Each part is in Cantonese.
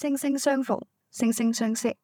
星星相逢，星星相惜。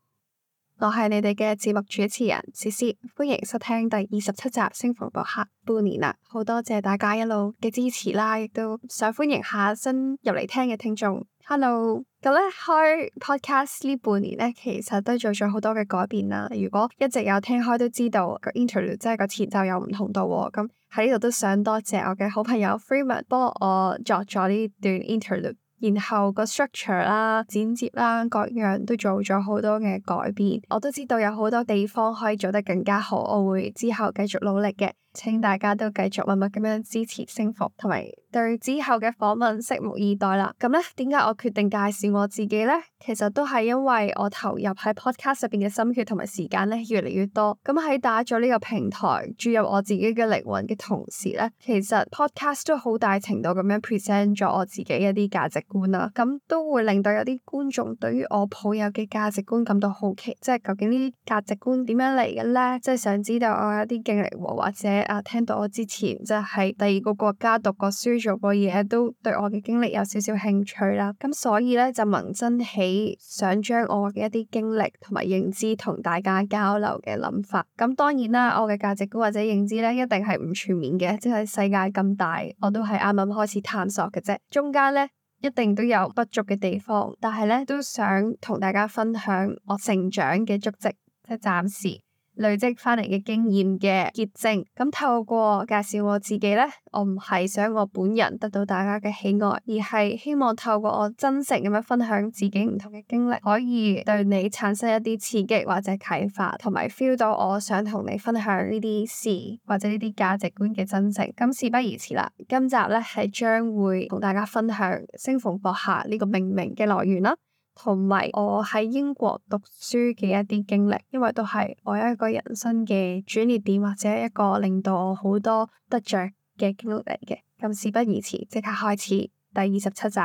我係你哋嘅節目主持人詩詩，歡迎收聽第二十七集《星逢播客》半年啦，好多謝大家一路嘅支持啦，亦都想歡迎下新入嚟聽嘅聽眾。Hello，咁咧開 podcast 呢半年咧，其實都做咗好多嘅改變啦。如果一直有聽開都知道個 interlude 即係個前奏有唔同到喎，哦。咁喺呢度都想多謝我嘅好朋友 Freeman 幫我作咗呢段 interlude。然後個 structure 啦、剪接啦，各樣都做咗好多嘅改變。我都知道有好多地方可以做得更加好，我會之後繼續努力嘅。請大家都繼續默默咁樣支持星逢，同埋對之後嘅訪問拭目以待啦。咁咧，點解我決定介紹我自己咧？其實都係因為我投入喺 podcast 入邊嘅心血同埋時間咧，越嚟越多。咁喺打咗呢個平台注入我自己嘅靈魂嘅同時咧，其實 podcast 都好大程度咁樣 present 咗我自己一啲價值觀啦。咁都會令到有啲觀眾對於我抱有嘅價值觀感到好奇，即係究竟呢啲價值觀點樣嚟嘅咧？即係想知道我有啲經歷或者。啊！聽到我之前即係、就是、第二個國家讀過書做過嘢，都對我嘅經歷有少少興趣啦。咁所以咧，就萌生起想將我嘅一啲經歷同埋認知同大家交流嘅諗法。咁當然啦，我嘅價值觀或者認知咧，一定係唔全面嘅，即係世界咁大，我都係啱啱開始探索嘅啫。中間咧，一定都有不足嘅地方，但係咧，都想同大家分享我成長嘅足跡。即係暫時。累積翻嚟嘅經驗嘅結晶，咁透過介紹我自己咧，我唔係想我本人得到大家嘅喜愛，而係希望透過我真誠咁樣分享自己唔同嘅經歷，可以對你產生一啲刺激或者啟發，同埋 feel 到我想同你分享呢啲事或者呢啲價值觀嘅真誠。咁事不宜遲啦，今集咧係將會同大家分享星逢播客呢個命名嘅來源啦。同埋我喺英國讀書嘅一啲經歷，因為都係我一個人生嘅轉捩點，或者一個令到我好多得着嘅經歷嚟嘅。咁事不宜遲，即刻開始第二十七集。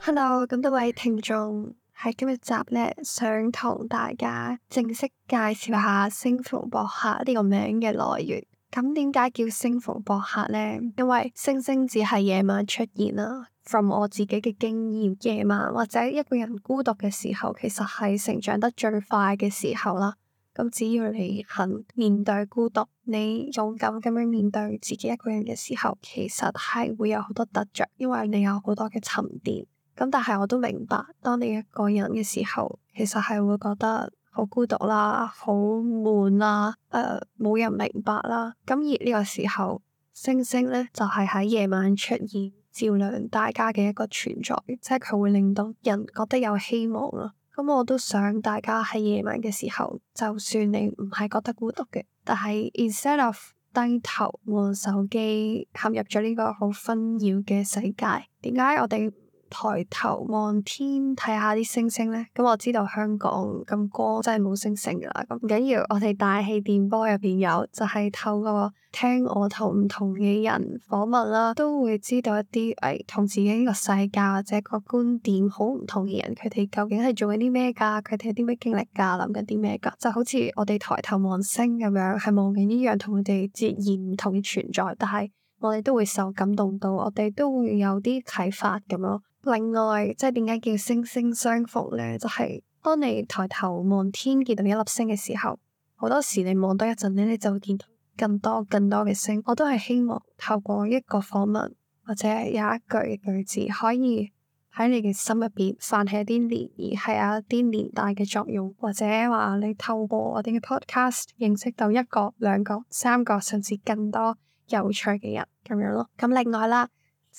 Hello，咁多位聽眾喺今日集呢，想同大家正式介紹下《星逢播客》呢個名嘅來源。咁點解叫星逢播客咧？因為星星只係夜晚出現啦。From 我自己嘅經驗，夜晚或者一個人孤獨嘅時候，其實係成長得最快嘅時候啦。咁只要你肯面對孤獨，你勇敢咁樣面對自己一個人嘅時候，其實係會有好多得着，因為你有好多嘅沉澱。咁但係我都明白，當你一個人嘅時候，其實係會覺得好孤獨啦，好悶啦，誒、呃，冇人明白啦。咁而呢個時候，星星咧就係、是、喺夜晚出現，照亮大家嘅一個存在，即係佢會令到人覺得有希望咯。咁、嗯、我都想大家喺夜晚嘅時候，就算你唔係覺得孤獨嘅，但係 instead of 低頭望手機，陷入咗呢個好紛擾嘅世界，點解我哋？抬頭望天，睇下啲星星咧，咁我知道香港咁光真係冇星星噶啦。咁唔緊要，我哋大氣電波入邊有，就係、是、透過聽我同唔同嘅人訪問啦、啊，都會知道一啲誒同自己個世界或者個觀點好唔同嘅人，佢哋究竟係做緊啲咩噶？佢哋係啲咩經歷噶？諗緊啲咩噶？就好似我哋抬頭望星咁樣，係望緊呢樣同佢哋截然唔同嘅存在，但係我哋都會受感動到，我哋都會有啲啟發咁咯。另外，即係點解叫星星相逢咧？就係、是、當你抬頭望天見到一粒星嘅時候，好多時你望多一陣咧，你就會見到更多更多嘅星。我都係希望透過一個訪問或者有一句句子，可以喺你嘅心入邊泛起一啲漣漪，係有一啲年代嘅作用，或者話你透過我哋嘅 podcast 認識到一個、兩個、三個，甚至更多有趣嘅人咁樣咯。咁另外啦。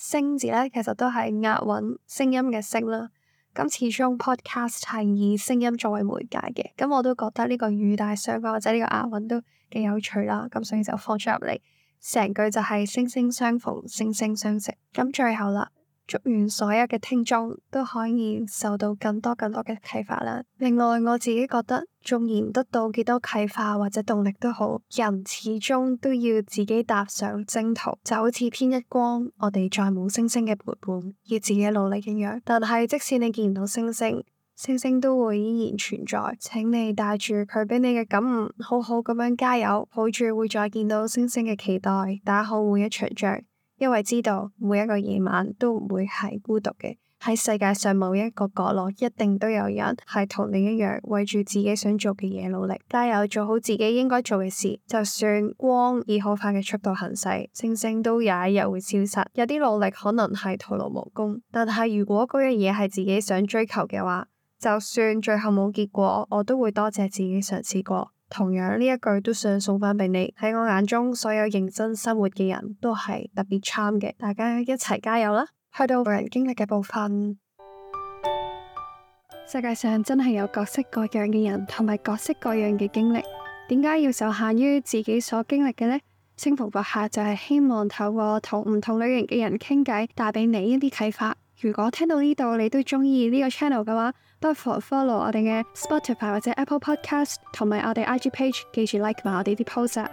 聲字咧，其實都係押韻，聲音嘅聲啦。咁始終 podcast 係以聲音作為媒介嘅，咁我都覺得呢個語帶雙關或者呢個押韻都幾有趣啦。咁所以就放咗入嚟，成句就係星星相逢，星星相惜」。咁最後啦。祝願所有嘅聽眾都可以受到更多更多嘅啟發啦！另外我自己覺得，縱然得到幾多啟發或者動力都好，人始終都要自己踏上征途，就好似天一光，我哋再冇星星嘅陪伴，要自己努力咁樣。但係即使你見唔到星星，星星都會依然存在。請你帶住佢俾你嘅感悟，好好咁樣加油，抱住會再見到星星嘅期待，打好每一場仗。因為知道每一個夜晚都唔會係孤獨嘅，喺世界上某一個角落一定都有人係同你一樣為住自己想做嘅嘢努力。加油做好自己應該做嘅事，就算光以好快嘅速度行駛，星星都有一日會消失。有啲努力可能係徒勞無功，但係如果嗰樣嘢係自己想追求嘅話，就算最後冇結果，我都會多謝自己嘗試過。同樣呢一句都想送返俾你。喺我眼中，所有認真生活嘅人都係特別 charm 嘅。大家一齊加油啦！去到個人經歷嘅部分，世界上真係有各式各樣嘅人，同埋各式各樣嘅經歷。點解要受限於自己所經歷嘅呢？星逢播客就係希望透過同唔同類型嘅人傾偈，帶俾你一啲啟發。如果聽到呢度你都中意呢個 channel 嘅話，不妨 follow 我哋嘅 Spotify 或者 Apple Podcast，同埋我哋 IG page，記住 like 埋我哋啲 post 啊！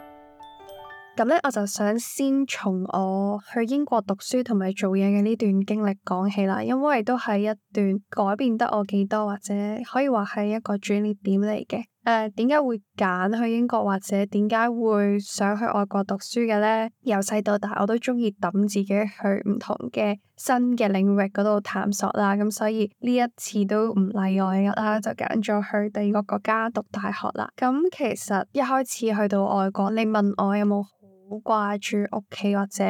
咁 呢樂，我就想先從我去英國讀書同埋做嘢嘅呢段經歷講起啦，因為都係一段改變得我幾多，或者可以話係一個轉折點嚟嘅。誒，點解會揀去英國或者點解會想去外國讀書嘅咧？由細到大我都鍾意揼自己去唔同嘅新嘅領域嗰度探索啦，咁所以呢一次都唔例外啦，就揀咗去第二個國家讀大學啦。咁其實一開始去到外國，你問我有冇好掛住屋企或者？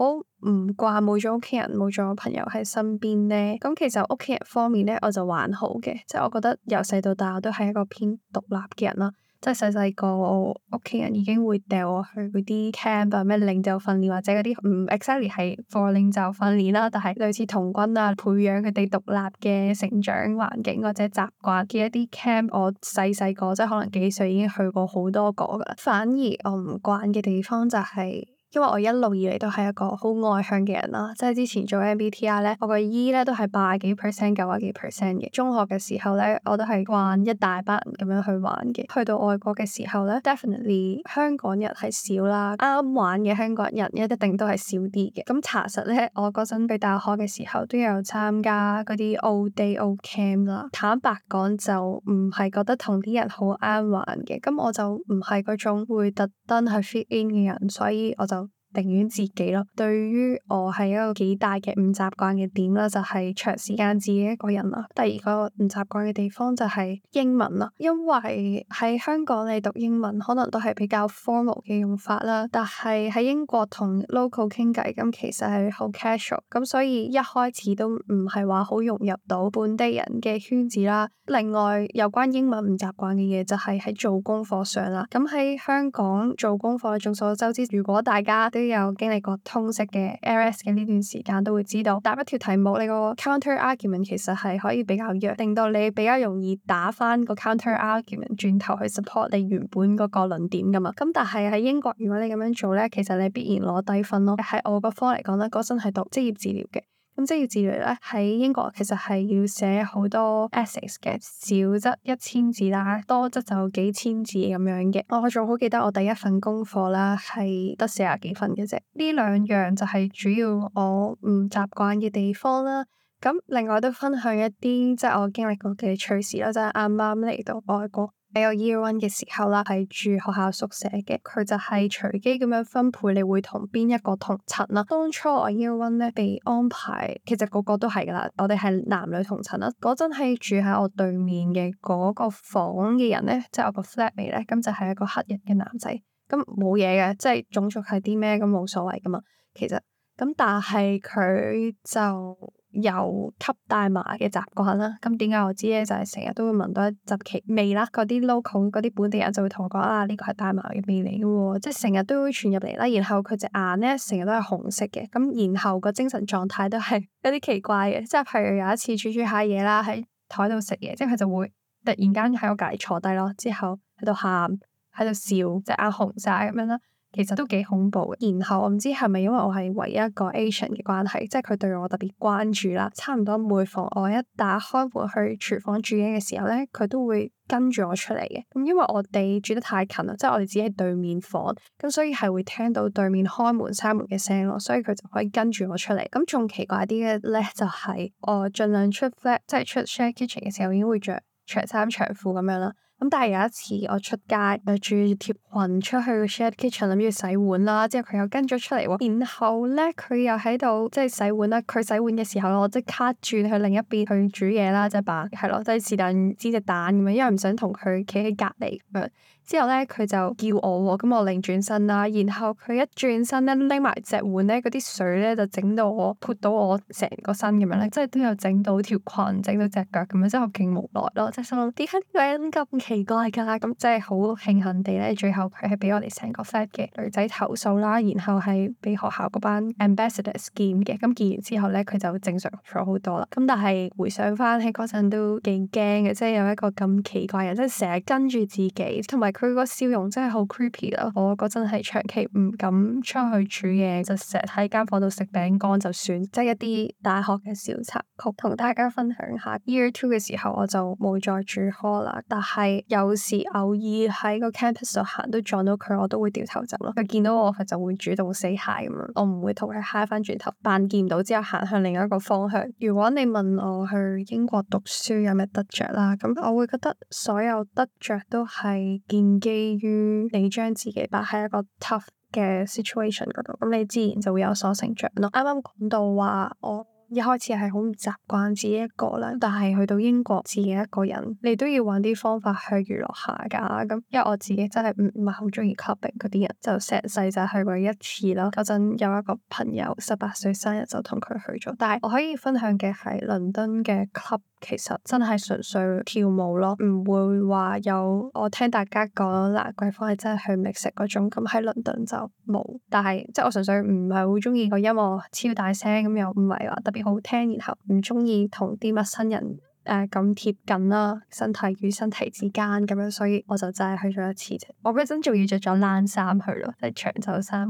我唔慣冇咗屋企人，每種朋友喺身邊咧。咁其實屋企人方面咧，我就還好嘅，即、就、係、是、我覺得由細到大我都係一個偏獨立嘅人啦。即係細細個屋企人已經會掉我去嗰啲 camp 啊，咩領袖訓練或者嗰啲，唔 exactly 係領袖訓練啦，但係類似童軍啊，培養佢哋獨立嘅成長環境或者習慣嘅一啲 camp 我小小。我細細個即係可能幾歲已經去過好多個噶啦。反而我唔慣嘅地方就係、是。因為我一路以嚟都係一個好外向嘅人啦，即係之前做 MBTI 咧，我個 E 咧都係八啊幾 percent、九啊幾 percent 嘅。中學嘅時候咧，我都係玩一大班人咁樣去玩嘅。去到外國嘅時候咧，definitely 香港人係少啦，啱玩嘅香港人一定都係少啲嘅。咁查實咧，我嗰陣去大學嘅時候都有參加嗰啲 O day O camp 啦。坦白講就唔係覺得同啲人好啱玩嘅，咁我就唔係嗰種會特登去 fit in 嘅人，所以我就，寧願自己咯。對於我係一個幾大嘅唔習慣嘅點啦，就係長時間自己一個人啦。第二個唔習慣嘅地方就係英文啦，因為喺香港你讀英文可能都係比較 formal 嘅用法啦，但係喺英國同 local 傾偈咁，其實係好 casual 咁，所以一開始都唔係話好融入到本地人嘅圈子啦。另外有關英文唔習慣嘅嘢，就係喺做功課上啦。咁喺香港做功課，眾所周知，如果大家都有經歷過通識嘅 RS 嘅呢段時間，都會知道答一條題目，你個 counter argument 其實係可以比較弱，令到你比較容易打翻個 counter argument，轉頭去 support 你原本嗰個論點㗎嘛。咁但係喺英國，如果你咁樣做呢，其實你必然攞低分咯。喺我個科嚟講呢，嗰陣係讀職業治療嘅。咁即係要自律咧，喺英國其實係要寫好多 essays 嘅，少則一千字啦，多則就幾千字咁樣嘅。我仲好記得我第一份功課啦，係得四十幾分嘅啫。呢兩樣就係主要我唔習慣嘅地方啦。咁另外都分享一啲即係我經歷過嘅趣事啦，就係啱啱嚟到外國。喺我 Year One 嘅時候啦，係住學校宿舍嘅，佢就係隨機咁樣分配你會同邊一個同層啦。當初我 Year One 咧被安排，其實個個都係噶啦，我哋係男女同層啦。嗰陣係住喺我對面嘅嗰個房嘅人咧，即係我個 flat 嚟咧，咁就係一個黑人嘅男仔，咁冇嘢嘅，即係種族係啲咩咁冇所謂噶嘛，其實，咁但係佢就。有吸大麻嘅習慣啦，咁點解我知咧？就係成日都會聞到一陣奇味啦，嗰啲 local 嗰啲本地人就會同我講啊，呢個係大麻嘅味嚟嘅喎，即係成日都會傳入嚟啦。然後佢隻眼咧成日都係紅色嘅，咁然後個精神狀態都係有啲奇怪嘅。即係譬如有一次煮煮下嘢啦，喺台度食嘢，即係佢就會突然間喺我隔離坐低咯，之後喺度喊，喺度笑，即隻眼紅晒咁樣啦。其實都幾恐怖嘅。然後我唔知係咪因為我係唯一一個 Asian 嘅關係，即係佢對我特別關注啦。差唔多每逢我一打開門去廚房煮嘢嘅時候咧，佢都會跟住我出嚟嘅。咁因為我哋住得太近啦，即係我哋只係對面房，咁所以係會聽到對面開門閂門嘅聲咯。所以佢就可以跟住我出嚟。咁仲奇怪啲嘅咧，就係我盡量出 flat，即係出 share kitchen 嘅時候，已經會着長衫長褲咁樣啦。咁但係有一次我出街，著住條裙出去 shared kitchen 諗住洗碗啦，之後佢又跟咗出嚟喎。然後咧佢又喺度即係洗碗啦。佢洗碗嘅時候，我即刻轉去另一邊去煮嘢啦，即、就、係、是、把係咯，即係、就是但煎隻蛋咁樣，因為唔想同佢企喺隔離咁樣。之後咧，佢就叫我喎、哦，咁我擰轉身啦，然後佢一轉身咧拎埋隻碗咧，嗰啲水咧就整到我潑到我成個身咁樣咧，即係都有整到條裙、整到隻腳咁樣，之後勁無奈咯，即係心諗點解呢個人咁奇怪㗎？咁即係好慶幸地咧，最後佢係俾我哋成個 set 嘅女仔投訴啦，然後係俾學校嗰班 ambassadors 見嘅，咁見完之後咧佢就正常咗好多啦。咁但係回想翻喺嗰陣都幾驚嘅，即係有一個咁奇怪嘅人，即係成日跟住自己同埋。佢個笑容真係好 creepy 咯！我嗰陣係長期唔敢出去煮嘢，就成日喺間房度食餅乾就算，即係一啲大學嘅小插曲，同大家分享下。Year two 嘅時候我就冇再住 hall 啦，但係有時偶爾喺個 campus 度行都撞到佢，我都會掉頭走咯。佢見到我佢就會主動 say hi 咁樣，我唔會同佢 hi 翻轉頭，扮見唔到之後行向另一個方向。如果你問我去英國讀書有咩得着啦，咁我會覺得所有得着都係建基於你將自己擺喺一個 tough 嘅 situation 嗰度，咁你自然就會有所成長咯。啱啱講到話，我一開始係好唔習慣自己一個咧，但係去到英國自己一個人，你都要揾啲方法去娛樂下噶。咁因為我自己真係唔唔係好中意 club 嗰啲人，就成世就去過一次咯。嗰陣有一個朋友十八歲生日就同佢去咗，但係我可以分享嘅係倫敦嘅 club。其實真係純粹跳舞咯，唔會話有我聽大家講，蘭桂坊係真係去覓食嗰種。咁喺倫敦就冇，但係即係我純粹唔係好中意個音樂超大聲，咁又唔係話特別好聽，然後唔中意同啲陌生人誒咁貼近啦，身體與身體之間咁樣，所以我就真係去咗一次啫。我嗰陣仲要着咗冷衫去咯，即係長袖衫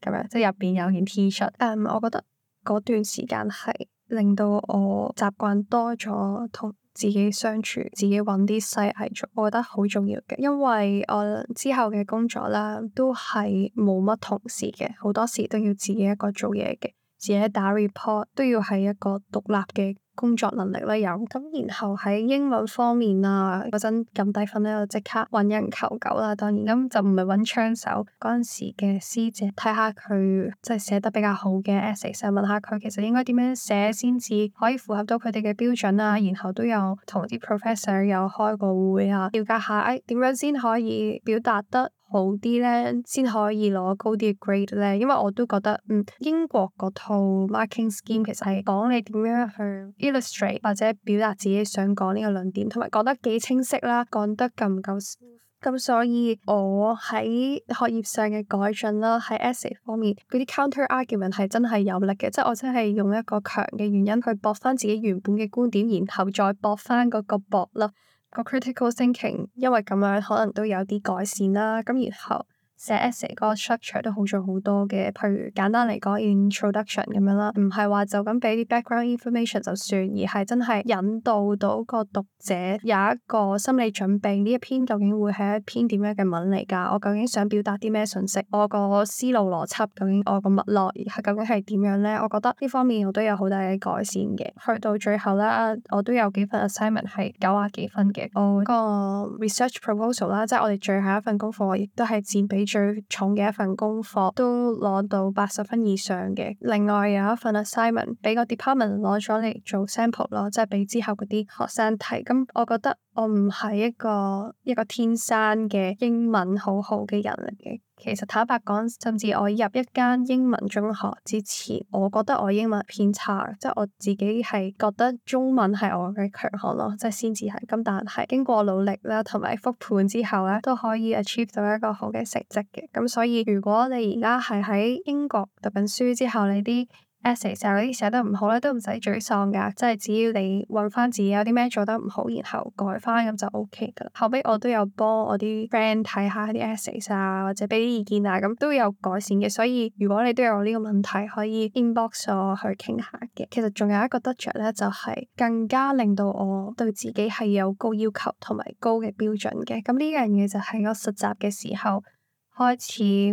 咁樣，即係入邊有件 T 恤。嗯，我覺得嗰段時間係。令到我習慣多咗同自己相處，自己搵啲細藝做，我覺得好重要嘅。因為我之後嘅工作啦，都係冇乜同事嘅，好多時都要自己一個做嘢嘅，自己打 report 都要係一個獨立嘅，工作能力啦，有咁，然後喺英文方面啊，嗰陣咁低分咧就即刻揾人求救啦。當然咁就唔係揾槍手，嗰陣時嘅師姐，睇下佢即係寫得比較好嘅 essay，想問下佢其實應該點樣寫先至可以符合到佢哋嘅標準啊。然後都有同啲 professor 有開過會啊，了解下誒點、啊、樣先可以表達得好啲咧，先可以攞高啲嘅 grade 咧。因為我都覺得，嗯，英國嗰套 marking scheme 其實係講你點樣去 illustrate 或者表達自己想講呢個論點，同埋講得幾清晰啦，講得夠唔夠咁。所以我喺學業上嘅改進啦，喺 essay 方面嗰啲 counter argument 係真係有力嘅，即係我真係用一個強嘅原因去駁翻自己原本嘅觀點，然後再駁翻嗰個駁啦。個 critical thinking，因為咁樣可能都有啲改善啦，咁然後。寫 essay 個 structure 都好咗好多嘅，譬如簡單嚟講 introduction 咁樣啦，唔係話就咁俾啲 background information 就算，而係真係引導到個讀者有一個心理準備，呢一篇究竟會係一篇點樣嘅文嚟㗎？我究竟想表達啲咩信息？我個思路邏輯究竟我個脈絡究竟係點樣咧？我覺得呢方面我都有好大嘅改善嘅。去到最後啦，我都有幾份 assignment 係九啊幾分嘅。我、oh, 個 research proposal 啦，即係我哋最後一份功課，亦都係佔比最重嘅一份功課都攞到八十分以上嘅，另外有一份 assignment 畀個 department 攞咗嚟做 sample 咯，即係畀之後嗰啲學生睇。咁我覺得，我唔係一個一個天生嘅英文好好嘅人嚟嘅。其實坦白講，甚至我入一間英文中學之前，我覺得我英文偏差，即係我自己係覺得中文係我嘅強項咯，即係先至係。咁但係經過努力啦，同埋複盤之後咧，都可以 achieve 到一個好嘅成績嘅。咁所以如果你而家係喺英國讀緊書之後，你啲 essay 啊嗰啲寫得唔好咧，都唔使沮喪噶，即係只要你揾翻自己有啲咩做得唔好，然後改翻咁就 OK 噶。後尾我都有幫我啲 friend 睇下啲 essay s 啊，essays, 或者俾啲意見啊，咁都有改善嘅。所以如果你都有呢個問題，可以 inbox 我去傾下嘅。其實仲有一個得着咧，就係、是、更加令到我對自己係有高要求同埋高嘅標準嘅。咁呢樣嘢就喺我實習嘅時候開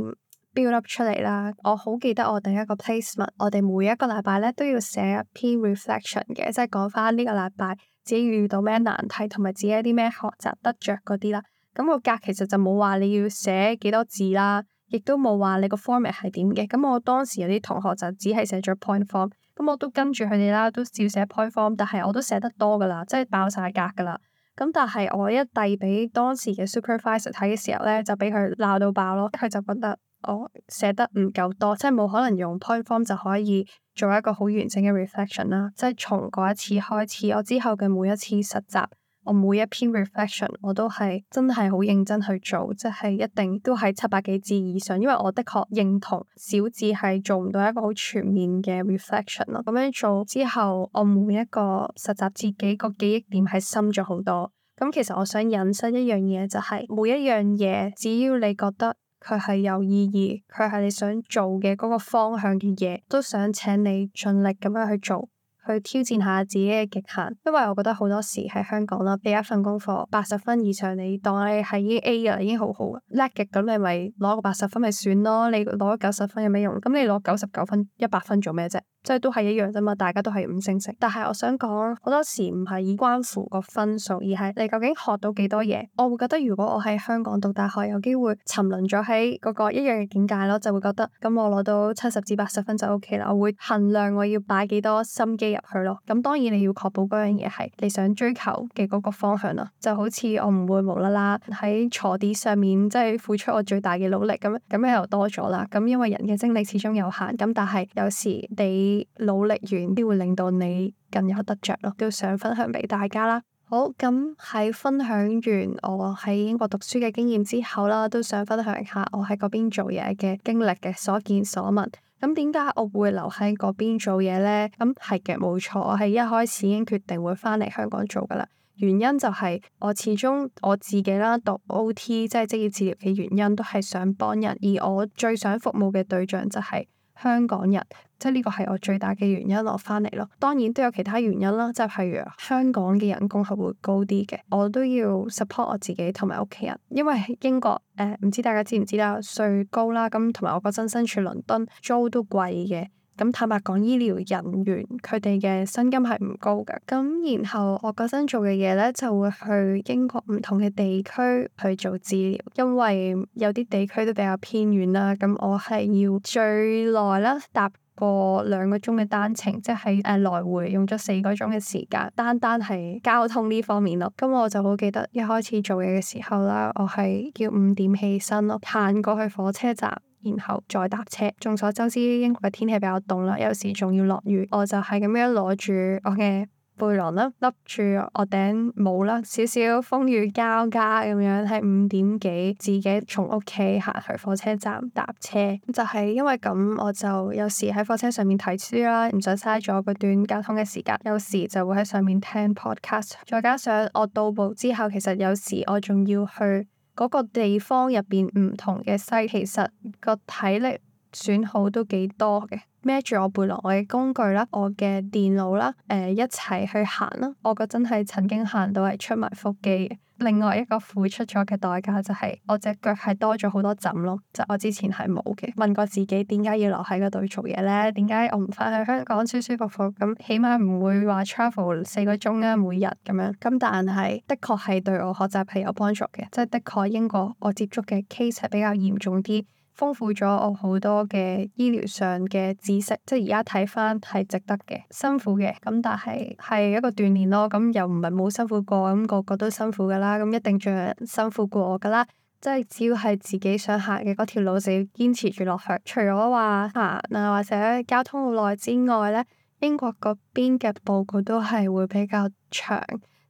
始。build up 出嚟啦！我好記得我第一個 placement，我哋每一個禮拜咧都要寫一篇 reflection 嘅，即係講翻呢個禮拜自己遇到咩難題同埋自己一啲咩學習得着嗰啲啦。咁個格其實就冇話你要寫幾多字啦，亦都冇話你個 format 係點嘅。咁我當時有啲同學就只係寫咗 point form，咁我都跟住佢哋啦，都照寫 point form，但係我都寫得多噶啦，即係爆晒格噶啦。咁但係我一遞俾當時嘅 supervisor 睇嘅時候咧，就俾佢鬧到爆咯，佢就覺得，我寫得唔夠多，即係冇可能用 point form 就可以做一個好完整嘅 reflection 啦。即係從嗰一次開始，我之後嘅每一次實習，我每一篇 reflection 我都係真係好認真去做，即係一定都喺七百幾字以上。因為我的確認同少字係做唔到一個好全面嘅 reflection 咯。咁樣做之後，我每一個實習自己個記憶點係深咗好多。咁其實我想引申一樣嘢，就係、是、每一樣嘢，只要你覺得。佢係有意義，佢係你想做嘅嗰個方向嘅嘢，都想請你盡力咁樣去做，去挑戰下自己嘅極限。因為我覺得好多時喺香港啦，畀一份功課八十分以上，你當你係已經 A 噶啦，已經好好啦叻嘅，咁你咪攞個八十分咪算咯。你攞九十分有咩用？咁你攞九十九分一百分做咩啫？所以都係一樣啫嘛，大家都係五星星。但係我想講，好多時唔係以關乎個分數，而係你究竟學到幾多嘢。我會覺得，如果我喺香港讀大學有機會沉淪咗喺嗰個一樣嘅境界咯，就會覺得咁我攞到七十至八十分就 OK 啦。我會衡量我要擺幾多心機入去咯。咁當然你要確保嗰樣嘢係你想追求嘅嗰個方向啦。就好似我唔會無啦啦喺錯啲上面，即係付出我最大嘅努力咁。咁又多咗啦。咁因為人嘅精力始終有限，咁但係有時你努力完，都會令到你更有得着咯，都想分享俾大家啦。好，咁喺分享完我喺英國讀書嘅經驗之後啦，都想分享一下我喺嗰邊做嘢嘅經歷嘅所見所聞。咁點解我會留喺嗰邊做嘢咧？咁係嘅，冇錯，我喺一開始已經決定會翻嚟香港做噶啦。原因就係、是、我始終我自己啦，讀 OT 即係職業治療嘅原因，都係想幫人，而我最想服務嘅對象就係、是。香港人，即係呢個係我最大嘅原因，我翻嚟咯。當然都有其他原因啦，即係譬如，香港嘅人工係會高啲嘅，我都要 support 我自己同埋屋企人，因為英國誒、呃、唔知大家知唔知啦，稅高啦，咁同埋我嗰陣身處倫敦，租都貴嘅。咁坦白講，醫療人員佢哋嘅薪金係唔高㗎。咁然後我嗰陣做嘅嘢咧，就會去英國唔同嘅地區去做治療，因為有啲地區都比較偏遠啦。咁我係要最耐啦，搭個兩個鐘嘅單程，即係誒來回用咗四個鐘嘅時間，單單係交通呢方面咯。咁我就好記得一開始做嘢嘅時候啦，我係要五點起身咯，行過去火車站。然後再搭車。眾所周知，英國嘅天氣比較凍啦，有時仲要落雨。我就係咁樣攞住我嘅背囊啦，笠住我頂帽啦，少少風雨交加咁樣，喺五點幾自己從屋企行去火車站搭車。就係因為咁，我就有時喺火車上面睇書啦，唔想嘥咗嗰段交通嘅時間。有時就會喺上面聽 podcast。再加上我到步之後，其實有時我仲要去。嗰個地方入邊唔同嘅 site，其實個體力損耗都幾多嘅。孭住我背囊、我嘅工具啦、我嘅電腦啦，誒一齊去行啦。我嗰陣係曾經行到係出埋腹肌嘅。另外一個付出咗嘅代價就係我隻腳係多咗好多疹咯，即係我之前係冇嘅。問過自己點解要留喺嗰度做嘢咧？點解我唔翻去香港舒舒服服咁，起碼唔會話 travel 四個鐘啦，每日咁樣。咁但係的確係對我學習係有幫助嘅，即係的確英國我接觸嘅 case 係比較嚴重啲。豐富咗我好多嘅醫療上嘅知識，即係而家睇返係值得嘅，辛苦嘅，咁但係係一個鍛鍊咯。咁又唔係冇辛苦過，咁個個都辛苦㗎啦，咁一定仲有人辛苦過我㗎啦。即係只要係自己想行嘅嗰條路，就要堅持住落去。除咗話行啊，或者交通好耐之外咧，英國嗰邊嘅報告都係會比較長，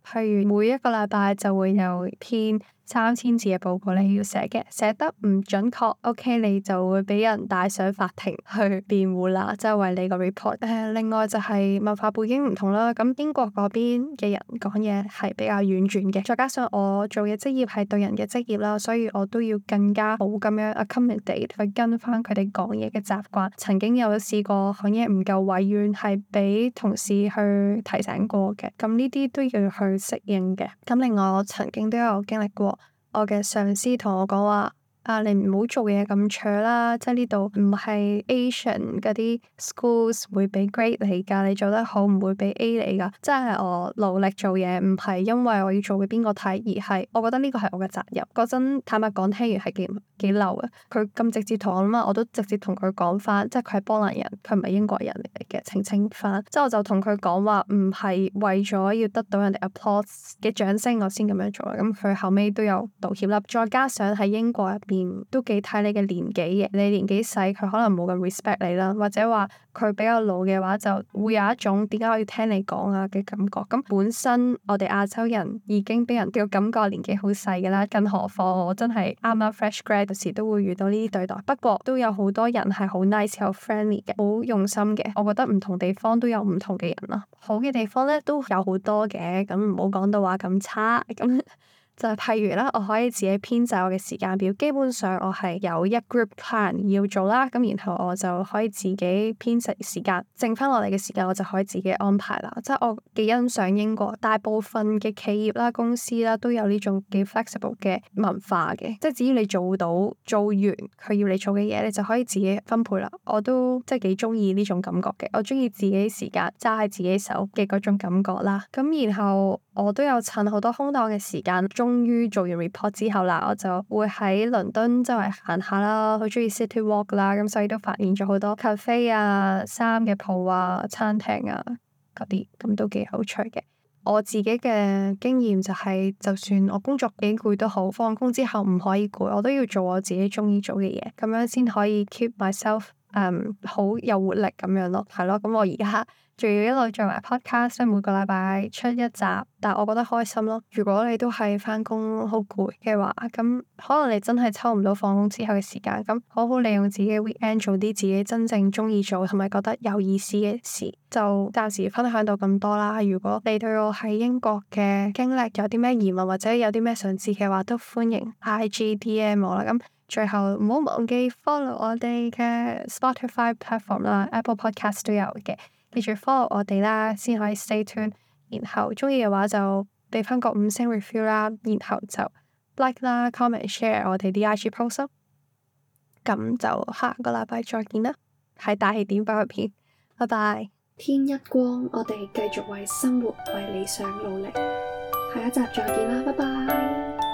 譬如每一個禮拜就會有篇三千字嘅報告你要寫嘅，寫得唔準確，OK 你就會俾人帶上法庭去辯護啦，即係為你個 report。誒，另外就係文化背景唔同啦，咁英國嗰邊嘅人講嘢係比較婉轉嘅，再加上我做嘅職業係對人嘅職業啦，所以我都要更加好咁樣 accommodate 去跟翻佢哋講嘢嘅習慣。曾經有試過講嘢唔夠委婉，係俾同事去提醒過嘅，咁呢啲都要去適應嘅。咁另外我曾經都有經歷過。我嘅上司同我講話。啊！你唔好做嘢咁 chur 啦，即係呢度唔係 Asian 嗰啲 schools 會俾 grade 你㗎，你做得好唔會俾 A 你㗎，即係我努力做嘢唔係因為我要做俾邊個睇，而係我覺得呢個係我嘅責任。嗰陣坦白講聽完係幾幾嬲嘅，佢咁直接同我諗啊，我都直接同佢講翻，即係佢係波蘭人，佢唔係英國人嚟嘅，澄清翻。之後我就同佢講話，唔係為咗要得到人哋 applause 嘅掌聲我先咁樣做，咁佢後尾都有道歉啦。再加上喺英國。都幾睇你嘅年紀嘅，你年紀細佢可能冇咁 respect 你啦，或者話佢比較老嘅話，就會有一種點解我要聽你講啊嘅感覺。咁本身我哋亞洲人已經俾人叫感覺年紀好細㗎啦，更何況我真係啱啱 fresh grad 時都會遇到呢啲對待。不過都有好多人係好 nice 又 friendly 嘅，好用心嘅。我覺得唔同地方都有唔同嘅人囉，好嘅地方咧都有好多嘅，咁唔好講到話咁差咁。 就係譬如啦，我可以自己編製我嘅時間表。基本上我係有一 group plan 要做啦，咁然後我就可以自己編製時間，剩翻落嚟嘅時間我就可以自己安排啦。即係我幾欣賞英國大部分嘅企業啦、公司啦都有呢種幾 flexible 嘅文化嘅。即係只要你做到做完佢要你做嘅嘢，你就可以自己分配啦。我都即係幾中意呢種感覺嘅。我中意自己時間揸喺自己手嘅嗰種感覺啦。咁然後我都有趁好多空檔嘅時間中。終於做完 report 之後啦，我就會喺倫敦周圍行下啦，好中意 city walk 啦，咁所以都發現咗好多 cafe 啊、衫嘅鋪啊、餐廳啊嗰啲，咁都幾有趣嘅。我自己嘅經驗就係，就算我工作幾攰都好，放工之後唔可以攰，我都要做我自己中意做嘅嘢，咁樣先可以 keep myself 嗯，好有活力咁樣咯，係咯，咁我而家。仲要一路做埋 podcast 咧，每個禮拜出一集，但我覺得開心咯。如果你都係翻工好攰嘅話，咁可能你真係抽唔到放工之後嘅時間，咁好好利用自己 weekend 做啲自己真正中意做同埋覺得有意思嘅事。就暫時分享到咁多啦。如果你對我喺英國嘅經歷有啲咩疑問或者有啲咩想知嘅話，都歡迎 IGDM 我啦。咁最後唔好忘記 follow 我哋嘅 Spotify platform 啦，Apple Podcast 都有嘅。記住 follow 我哋啦，先可以 stay tuned。然後中意嘅話就畀返個五星 review 啦。然後就 like 啦，comment share 言我哋啲 IG post。咁就下個禮拜再見啦，喺大氣電波入邊。拜拜。天一光，我哋繼續為生活為理想努力。下一集再見啦，拜拜。